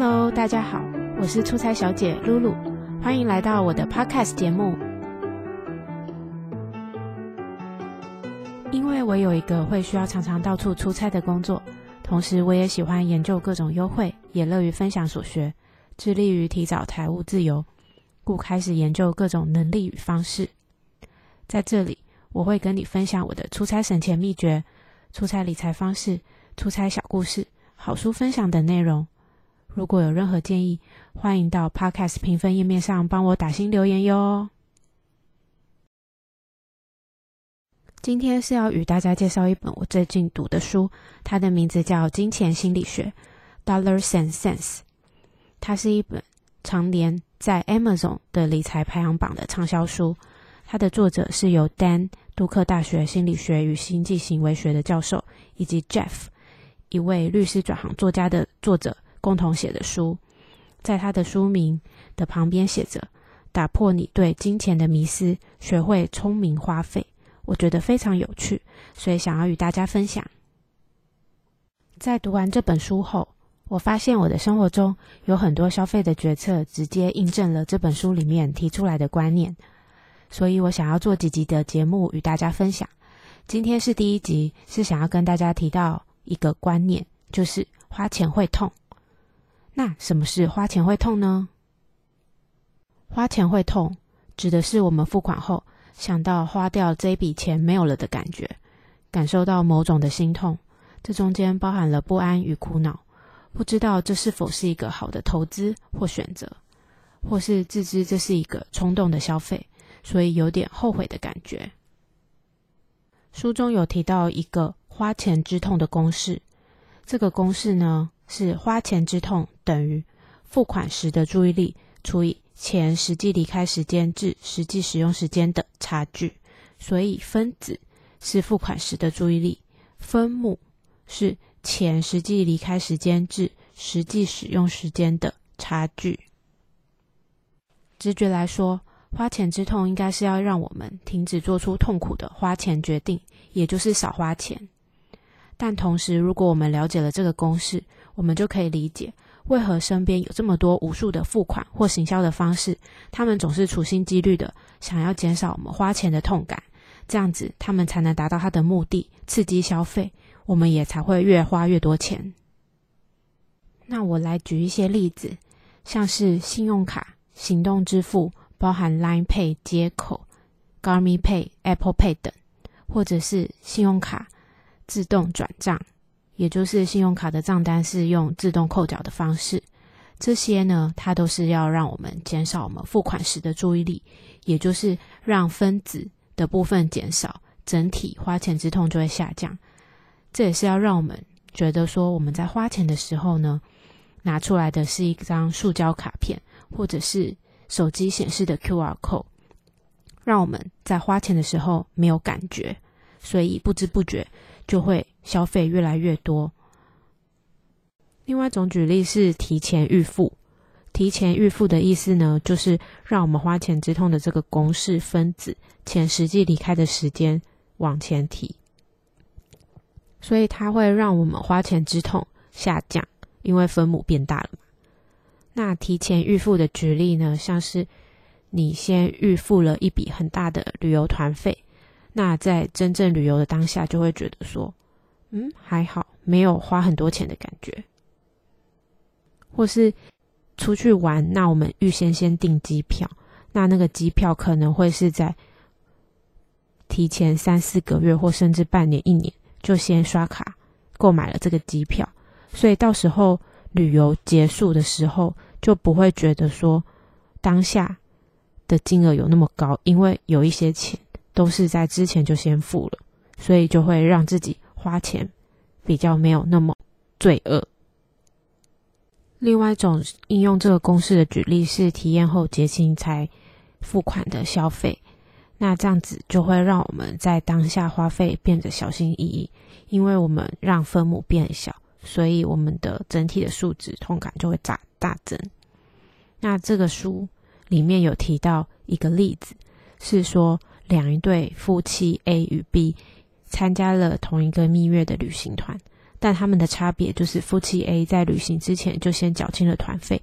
Hello，大家好，我是出差小姐露露，歡迎來到我的 Podcast 節目。因為我有一個會需要常常到處出差的工作，同時我也喜歡研究各種優惠，也樂於分享所學，致力於提早財務自由，故開始研究各種能力與方式。在這裡，我會跟你分享我的出差省錢祕訣、出差理財方式、出差小故事、好書分享等內容。如果有任何建議，歡迎到 Podcast 評分頁面上幫我打星留言喲。今天是要與大家介紹一本我最近讀的書，它的名字叫《金錢心理學》（Dollars and Sense）。它是一本常年在 Amazon 的理財排行榜的暢銷書。它的作者是由 Dan，杜克大學心理學與經濟行為學的教授，以及 Jeff，一位律師轉行作家的作者。共同寫的書，在他的書名的旁邊寫着“打破你對金錢的迷思，學會聰明花費”。我覺得非常有趣，所以想要與大家分享。在讀完這本書後，我發現我的生活中有很多消費的決策直接印證了這本書裡面提出來的觀念，所以我想要做幾集的節目與大家分享。今天是第一集，是想要跟大家提到一個觀念，就是花錢會痛。那什麼是花錢會痛呢？花錢會痛，指的是我們付款後，想到花掉這筆錢沒有了的感覺，感受到某種的心痛，這中間包含了不安與苦惱，不知道這是否是一個好的投資或選擇，或是自知這是一個衝動的消費，所以有點後悔的感覺。書中有提到一個花錢之痛的公式，這個公式呢，是花錢之痛等於付款時的注意力除以錢實際離開時間至實際使用時間的差距，所以分子是付款時的注意力，分母是錢實際離開時間至實際使用時間的差距。直覺來說，花錢之痛應該是要讓我們停止做出痛苦的花錢決定，也就是少花錢。但同時，如果我們了解了這個公式，我們就可以理解為何身邊有這麼多無數的付款或行銷的方式，他們總是處心積慮的想要減少我們花錢的痛感，這樣子他們才能達到他的目的，刺激消費，我們也才會越花越多錢。那我來舉一些例子，像是信用卡、行動支付，包含 Line Pay 接口、Garmi Pay、Apple Pay 等，或者是信用卡自動轉賬。也就是信用卡的賬單是用自動扣繳的方式，這些呢，它都是要讓我們減少我們付款時的注意力，也就是讓分子的部分減少，整體花錢之痛就會下降。這也是要讓我們覺得說我們在花錢的時候呢，拿出來的是一張塑膠卡片或者是手機顯示的 QR code，讓我們在花錢的時候沒有感覺，所以不知不覺。就會消費越來越多。另外一種舉例是提前預付，提前預付的意思呢，就是讓我們花錢之痛的這個公式分子，錢實際離開的時間往前提，所以它會讓我們花錢之痛下降，因為分母變大了嘛。那提前預付的舉例呢，像是你先預付了一筆很大的旅遊團費。那在真正旅遊的當下，就會覺得說，嗯，還好沒有花很多錢的感覺。或是出去玩，那我們預先先訂機票，那那個機票可能會是在提前三四個月，或甚至半年、一年，就先刷卡購買了這個機票，所以到時候旅遊結束的時候，就不會覺得說，當下的金額有那麼高，因為有一些錢。都是在之前就先付了，所以就會讓自己花錢比較沒有那麼罪惡。另外一種應用這個公式的舉例是體驗後結清才付款的消費，那這樣子就會讓我們在當下花費變得小心翼翼，因為我們讓分母變小，所以我們的整體的數值痛感就會大大增。那這個書裡面有提到一個例子，是說，兩一對夫妻 A 與 B 參加了同一個蜜月的旅行團，但他們的差別就是夫妻 A 在旅行之前就先繳清了團費，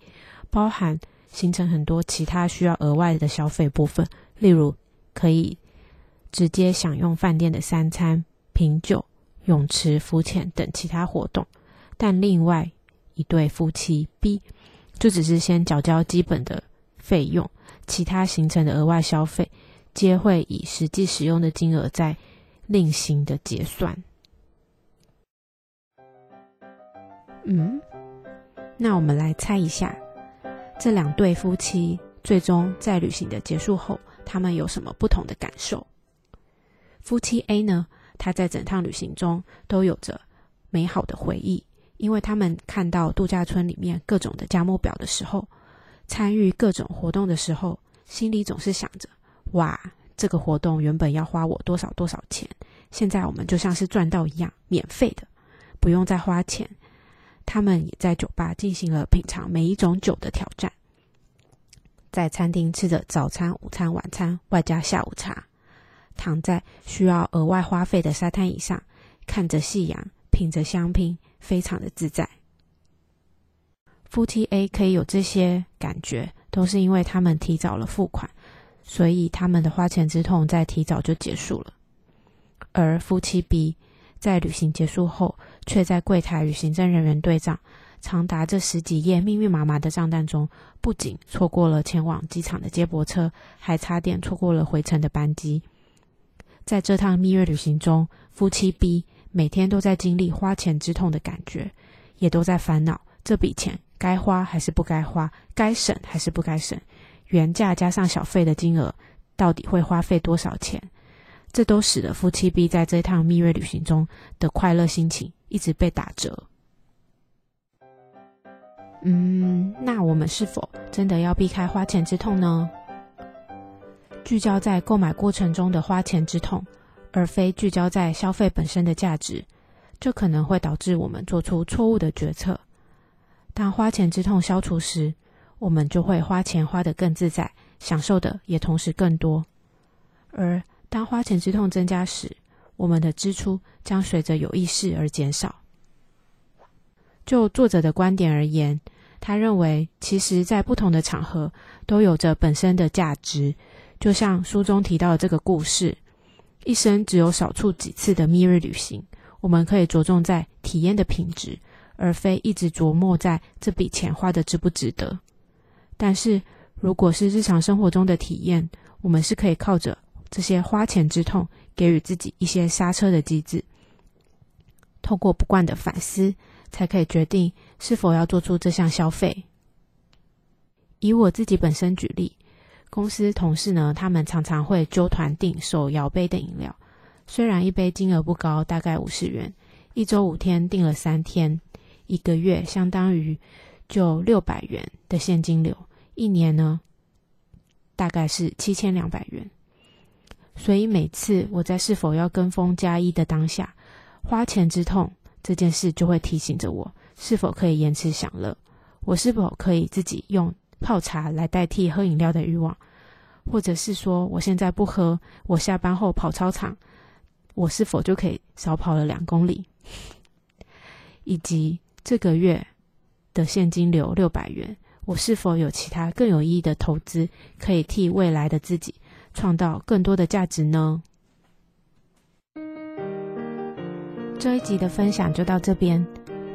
包含行程很多其他需要額外的消費部分，例如可以直接享用飯店的三餐、品酒、泳池、浮潛等其他活動。但另外一對夫妻 B 就只是先繳交基本的費用，其他行程的額外消費。皆會以實際使用的金額再另行的結算。嗯，那我們來猜一下，這兩對夫妻最終在旅行的結束後，他們有什麼不同的感受？夫妻 A 呢？他在整趟旅行中都有着美好的回憶，因為他們看到度假村裡面各種的價目表的時候，參與各種活動的時候，心裡總是想着。哇，這個活動原本要花我多少多少錢，現在我們就像是賺到一樣，免費的，不用再花錢。他們也在酒吧進行了品嘗每一種酒的挑戰，在餐廳吃着早餐、午餐、晚餐，外加下午茶，躺在需要額外花費的沙灘椅上，看着夕陽，品着香檳，非常的自在。夫妻 A 可以有這些感覺，都是因為他們提早了付款。所以他們的花錢之痛在提早就結束了，而夫妻 B 在旅行結束後，卻在櫃檯與行政人員對賬，長達這十幾頁密密麻麻的賬單中，不僅錯過了前往機場的接駁車，還差點錯過了回程的班機。在這趟蜜月旅行中，夫妻 B 每天都在經歷花錢之痛的感覺，也都在煩惱這筆錢該花還是不該花，該省還是不該省。原價加上小費的金額，到底會花費多少錢？這都使得夫妻 B 在這趟蜜月旅行中的快樂心情一直被打折。嗯，那我們是否真的要避開花錢之痛呢？聚焦在購買過程中的花錢之痛，而非聚焦在消費本身的價值，這可能會導致我們做出錯誤的決策。當花錢之痛消除時，我們就會花錢花得更自在，享受的也同時更多。而當花錢之痛增加時，我們的支出將隨着有意識而減少。就作者的觀點而言，他認為其實在不同的場合都有着本身的價值。就像書中提到的這個故事，一生只有少數幾次的蜜月旅行，我們可以着重在體驗的品質，而非一直琢磨在這筆錢花得值不值得。但是，如果是日常生活中的體驗，我們是可以靠着這些花錢之痛，給予自己一些剎車的機制。透過不慣的反思，才可以決定是否要做出這項消費。以我自己本身舉例，公司同事呢，他們常常會揪團訂手搖杯的飲料，雖然一杯金額不高，大概五十元，一週五天訂了三天，一個月相當於。就六百元的現金流，一年呢大概是七千兩百元。所以每次我在是否要跟風加一的當下，花錢之痛這件事就會提醒着我，是否可以延遲享樂？我是否可以自己用泡茶來代替喝飲料的慾望？或者是說，我現在不喝，我下班後跑操場，我是否就可以少跑了兩公里？以及這個月的現金流六百元，我是否有其他更有意義的投資，可以替未來的自己創造更多的價值呢？這一集的分享就到這邊，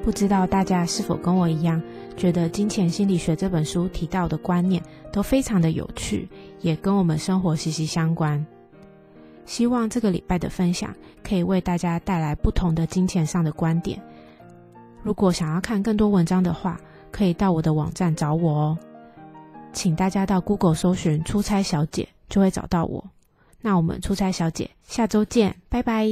不知道大家是否跟我一樣，覺得《金錢心理學》這本書提到的觀念都非常的有趣，也跟我們生活息息相關。希望這個禮拜的分享可以為大家帶來不同的金錢上的觀點。如果想要看更多文章的話，可以到我的網站找我哦。請大家到 Google 搜尋“出差小姐”，就會找到我。那我們出差小姐，下周見，拜拜。